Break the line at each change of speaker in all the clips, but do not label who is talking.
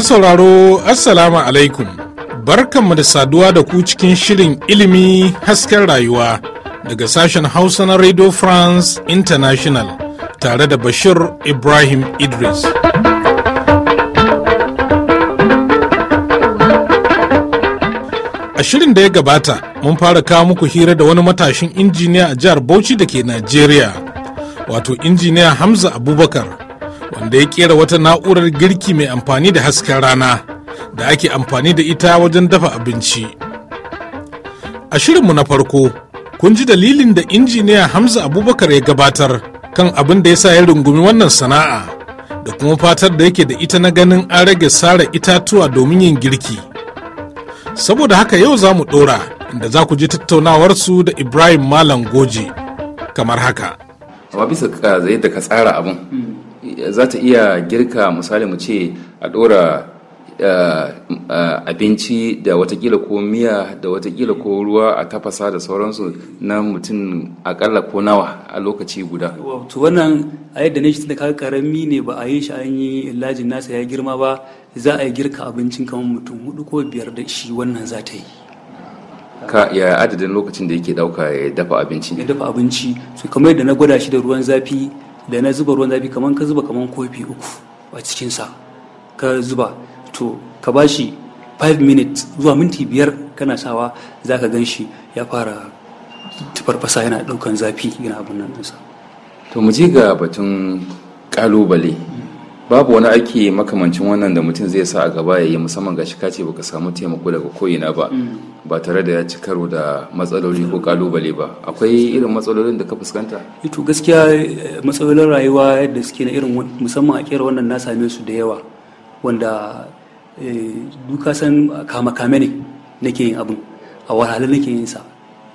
Masu sauraro Assalamu alaikum barkanmu da saduwa da ku cikin shirin ilimi hasken rayuwa daga sashen Hausa na Radio France International tare da Bashir Ibrahim Idris. A shirin da ya gabata mun fara kawo muku hira da wani matashin injiniya a jihar Bauchi da ke Najeriya wato injiniya Hamza Abubakar wanda ya kera wata na'urar girki mai amfani da hasken rana da ake amfani da ita wajen dafa abinci a shirinmu na farko kun ji dalilin da injiniya hamza abubakar ya gabatar kan abin da ya sa ya rungumi wannan sana'a da kuma fatar da yake da ita na ganin an rage sare itatuwa domin yin girki saboda haka yau za mu ɗora inda za ku ji tattaunawarsu da ibrahim malam goji kamar haka
amma bisa da ka tsara abin hmm. za ta iya girka misali mu ce a ɗora eh, eh, abinci da watakila ko miya da watakila ko ruwa a tafasa da sauransu na mutum akalla ko nawa a lokaci guda wato wannan a yadda ne shi da kaga karami ne ba a yi shi an yi lajin nasa ya
girma ba za a yi girka abincin kamar mutum hudu ko biyar da shi wannan za ta yi
ka ya adadin lokacin da yake dauka ya dafa abinci ya dafa abinci su kamar yadda na gwada
shi da ruwan zafi da na zuba ruwan zafi kamar ka zuba kamar kofi uku a cikinsa ka zuba to ka ba shi 5 minutes zuwa minti biyar kana sawa za ka gan shi ya fara tafarfasa yana ɗaukan zafi yana abin nan ɗinsa.
to mu je ga batun kalubale. babu wani aiki makamancin wannan da mutum zai sa a gaba ya yi musamman ga shika ce baka samu taimako daga ko'ina ba mm. ba tare da ya ci karo da matsaloli ko kalubale ba akwai irin matsalolin da ka fuskanta ito eh
gaskiya eh, matsalolin rayuwa yadda suke na irin musamman a kera wannan na same su da yawa wanda eh, duka san kama kame ne nake yin abin a wahala nake yin sa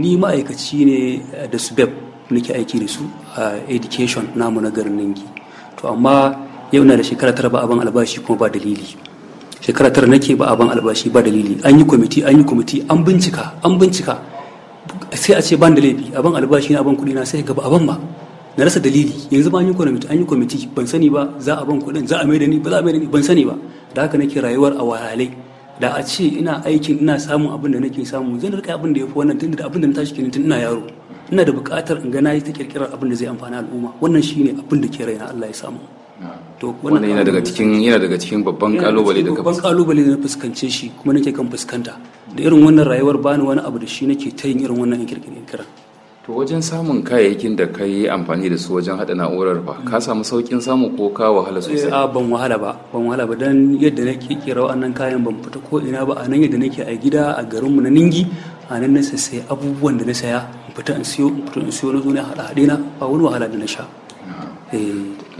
ni ma'aikaci ne da subeb nake aiki da su a education namu na garin ninki to amma yau na da shekara tara ba a ban albashi kuma ba dalili shekara tara nake ba a ban albashi ba dalili an yi kwamiti an yi kwamiti an bincika an bincika sai a ce ban da laifi a ban albashi na ban kuɗi na sai gaba a ban ma na rasa dalili yanzu ba an yi kwamiti an yi kwamiti ban sani ba za a ban kuɗin za a mai da ni ba za a mai da ni ban sani ba da haka nake rayuwar a wahalai da a ce ina aikin ina samun abin da nake samu zan rika abin da ya fi wannan tun da abin da na tashi kenan tun ina yaro ina da buƙatar in ga na yi ta kirkirar abin da zai amfani al'umma wannan shine abin da ke raina Allah ya samu
to yana daga cikin babban kalubale da
babban na fuskance shi kuma nake kan fuskanta da irin wannan rayuwar bani
wani abu da shi nake ta yin irin wannan kirkirin kiran to wajen samun kayayyakin da ka yi amfani da su wajen haɗa na'urar ba ka samu sauƙin samu ko ka wahala sosai eh, a ban wahala ba ban wahala ba
dan yadda na kirkira wa'annan kayan ban fita ko ina ba a nan yadda nake a gida a garinmu na ningi a nan na sai abubuwan da na saya in fita in siyo in fita in siyo na zo na haɗa haɗe na ba wani wahala
da na sha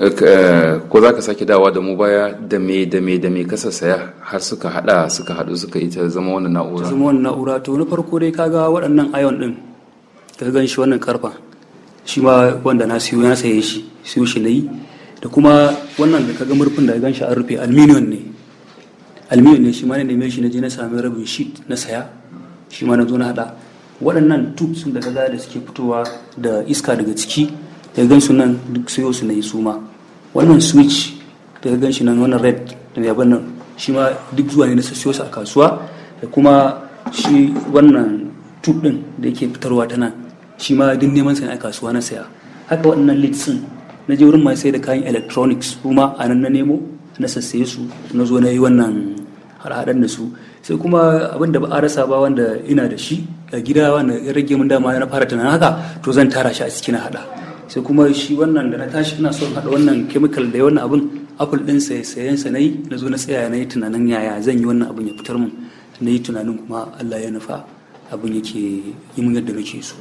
Eh, ko za ka sake dawa da mu baya da me da me da me kasa saya har suka hada suka hadu suka yi ta zama wannan na'ura
zama wannan na'ura to na farko dai kaga waɗannan ion din ka gan shi wannan karfa
shi ma wanda na
siyo na saye shi siyo shi nayi da kuma wannan da kaga murfin da gan shi an rufe aluminium ne aluminium ne shi ma ne neme shi na je na sami rabin sheet na saya shi ma na zo na hada waɗannan tubes da kaga da suke fitowa da iska daga ciki daga gan su nan duk siyo su na yi su ma wannan switch daga gan shi nan wannan red da yaban nan shi ma duk zuwa ne na siyo su a kasuwa da kuma shi wannan tube din da yake fitarwa ta nan shi ma duk neman sa a kasuwa na saya haka waɗannan leads din na je wurin mai sai da kayan electronics kuma a nan na nemo na sassaye su na zo na yi wannan haɗaɗen da su sai kuma abin da ba a rasa ba wanda ina da shi a gida wanda ya rage mun dama na fara tunanin haka to zan tara shi a cikin haɗa sai kuma shi wannan da na tashi ina son haɗa wannan chemical da wannan abin apple din ɗin sayen sa nayi na zo na tsaya na yi tunanin yaya zan yi wannan abin ya fitar mun na yi tunanin kuma Allah ya nufa abin yake yi min yadda nake so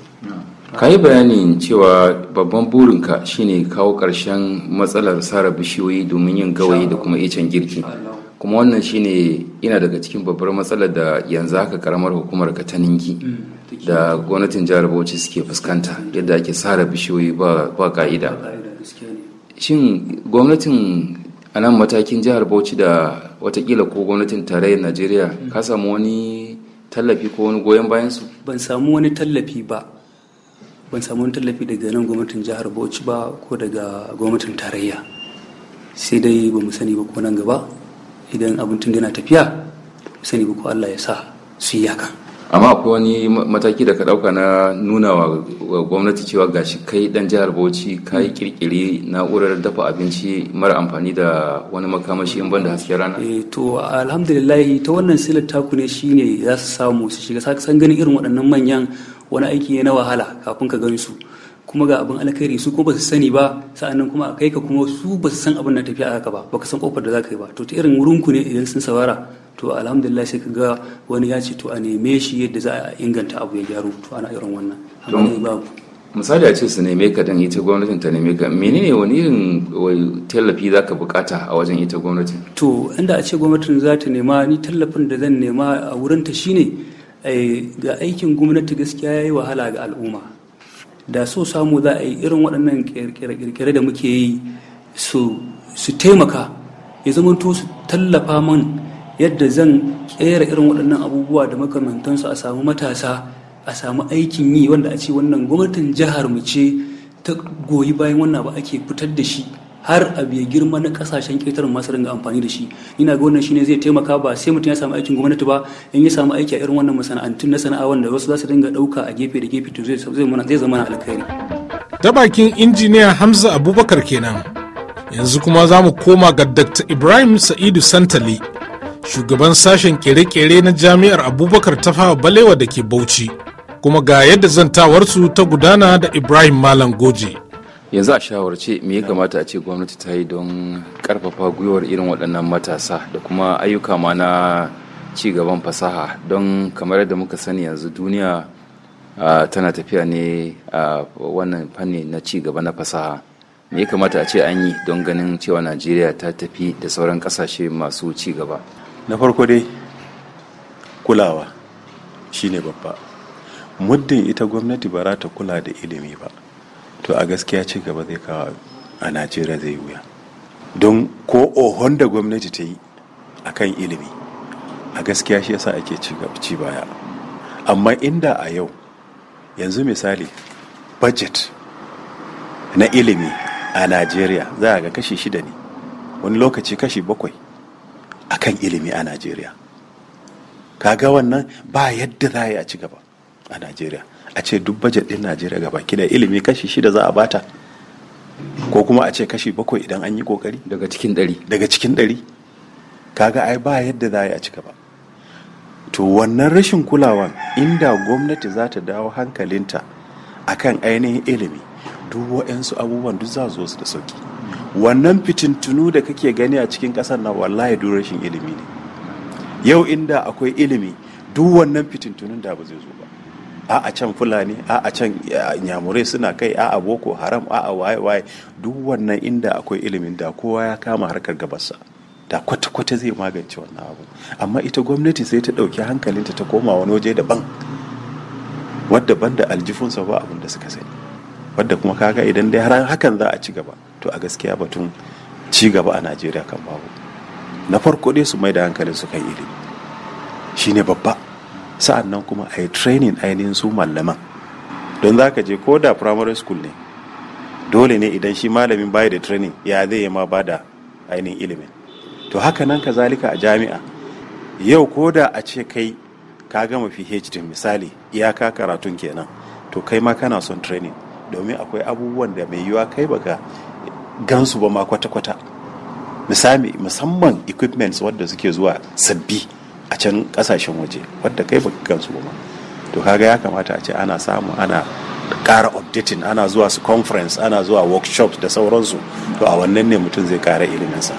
ka yi
bayanin cewa babban burinka shine kawo karshen matsalar sara bishiyoyi domin yin gawayi da kuma icen girki kuma wannan shine ina daga cikin babbar matsalar da yanzu haka karamar hukumar ka ta ninki mm. da gwamnatin jihar bauchi suke fuskanta yadda ake sare bishiyoyi ba ka'ida shin gwamnatin a nan matakin jihar bauchi da watakila ko gwamnatin tarayyar najeriya ka hmm. samu wani tallafi ko wani goyon bayansu ban samu wani tallafi ba ban samu wani tallafi daga nan gwamnatin jihar bauchi
ba ko daga gwamnatin tarayya sai dai ba mu sani ba ko nan gaba
idan abin tun yana tafiya sani ba ko allah ya sa su yi yakan amma akwai wani mataki da ka dauka na nuna wa gwamnati cewa gashi kai dan jihar bauchi ka yi kirkiri na'urar dafa abinci mara amfani da wani makamashi in banda hasken rana eh to
alhamdulillah ta wannan silar taku ne shine za su samu su shiga san ganin irin waɗannan manyan wani aiki ne na wahala kafin ka gani su kuma ga abin alkhairi su kuma ba su sani ba sa'annan kuma a kai ka kuma su ba su san abin na tafiya haka ba ba ka san kofar da za ka yi ba to ta irin wurinku ne idan sun sawara. to alhamdulillah sai kaga wani ya ce to a neme shi yadda za a inganta abu ya gyaru to ana irin wannan amma babu
misali a ce su neme ka dan ita gwamnatin ta neme ka menene wani irin tallafi za ka bukata a wajen ita gwamnatin to
inda a ce gwamnatin za ta nema ni tallafin da zan nema a wurin ta shine eh, ga aikin gwamnati gaskiya yayi wahala ga al'umma da so samu za a yi irin waɗannan kirkire da muke yi su taimaka ya zama to su tallafa man yadda zan kera irin waɗannan abubuwa da makamantansu a samu matasa a samu aikin yi wanda a ce wannan gwamnatin jihar mu ce ta goyi bayan wannan ba ake fitar da shi har a ya girma na kasashen ƙetare masu ringa amfani da shi ina ga wannan shine zai taimaka ba sai mutum ya samu aikin gwamnati ba in ya samu aiki a irin wannan masana'antun na sana'a wanda wasu za su dinga ɗauka a gefe da gefe to zai zama na alkhairi
ta bakin injiniya hamza abubakar kenan yanzu kuma za mu koma ga dr ibrahim sa'idu santali shugaban sashen kere-kere na jami'ar abubakar tafawa balewa da ke bauchi kuma ga yadda zantawarsu ta gudana da ibrahim malam goje
yanzu a shawarce me ya kamata a ce gwamnati ta yi don karfafa gwiwar irin waɗannan matasa da kuma ayyuka ma na cigaban fasaha don kamar yadda muka sani yanzu duniya tana tafiya ne a wannan fanni na ci gaba na fasaha me ya kamata a ce an yi don ganin cewa najeriya ta tafi da sauran kasashe masu
ci gaba na farko dai kulawa shine babba muddin ita gwamnati ba za ta kula da ilimi ba to a gaskiya ci gaba zai kawo a najeriya zai wuya don ko ohon da gwamnati ta yi a kan ilimi a gaskiya shi yasa ake ci baya amma inda a yau yanzu misali budget na ilimi a najeriya za a ga kashi shida ne wani lokaci kashi bakwai kan ilimi a najeriya kaga wannan ba yadda za a ci gaba a najeriya a ce duk bajet din najeriya gaba kina ilimi kashi shida za a bata ko kuma a ce kashi bakwai idan an yi kokari daga cikin ɗari daga cikin ɗari kaga ai ba yadda za a ci gaba to wannan rashin kulawan inda gwamnati za ta dawo hankalinta akan ainihin ilimi duk wa'yansu abubuwan duk za su da sauki wannan fitintunu da kake gani a cikin ƙasar na wallahi duk rashin ilimi ne yau inda akwai ilimi duk wannan fitintunun da ba zai zo ba a a can fulani a a can eh, nyamurai suna kai a a boko haram a a waye waye duk wannan inda akwai ilimin da kowa ya kama harkar gabasa da kwata-kwata zai magance wannan abu amma ita gwamnati sai ta ɗauki hankalinta ta koma wani waje daban wadda ban da aljifunsa ba abin da suka sani wadda kuma kaga idan dai har hakan za a ci gaba to a gaskiya batun ci gaba a najeriya kan babu na farko dai su mai da hankalin su kan ilimi shine babba sa'an nan kuma a yi training ainihin su malaman don za ka je ko da primary school ne dole ne idan shi malamin bayi da training ya zai yi ma ba da ainihin ilimin to haka nan kazalika a jami'a yau ko da a ce kai ka gama phd misali iyaka karatun kenan to kai ma kana son training domin akwai abubuwan da mai yiwa kai baka gansu ba ma kwata-kwata misali musamman equipments wadda suke zuwa sabbi a can kasashen waje wadda kai baka gansu ba ma to kaga ya kamata a ce ana samu ana kara updating ana zuwa su conference ana zuwa workshops da sauransu to a wannan ne mutum zai kara iliminsa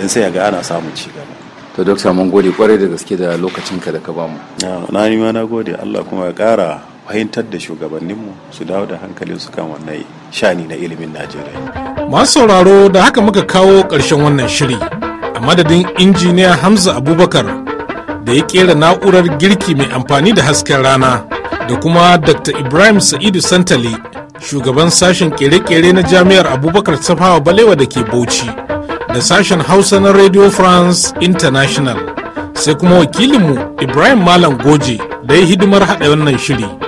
don sai ga ana samun ci gaba to dokta mun gode kwarai da gaske da lokacin ka da ka bamu na ni ma na gode Allah kuma ya kara. fahimtar da shugabanninmu su dawo da hankalin su kan wannan shani na ilimin najeriya
masu sauraro da haka muka kawo ƙarshen wannan shiri a madadin injiniya hamza abubakar da ya kera na'urar girki mai amfani da hasken rana da kuma dr ibrahim sa'idu santali shugaban sashen kere-kere na jami'ar abubakar tafawa balewa da ke bauchi da sashen hausa na radio france international sai kuma wakilinmu ibrahim malam goje da ya hidimar haɗa wannan shiri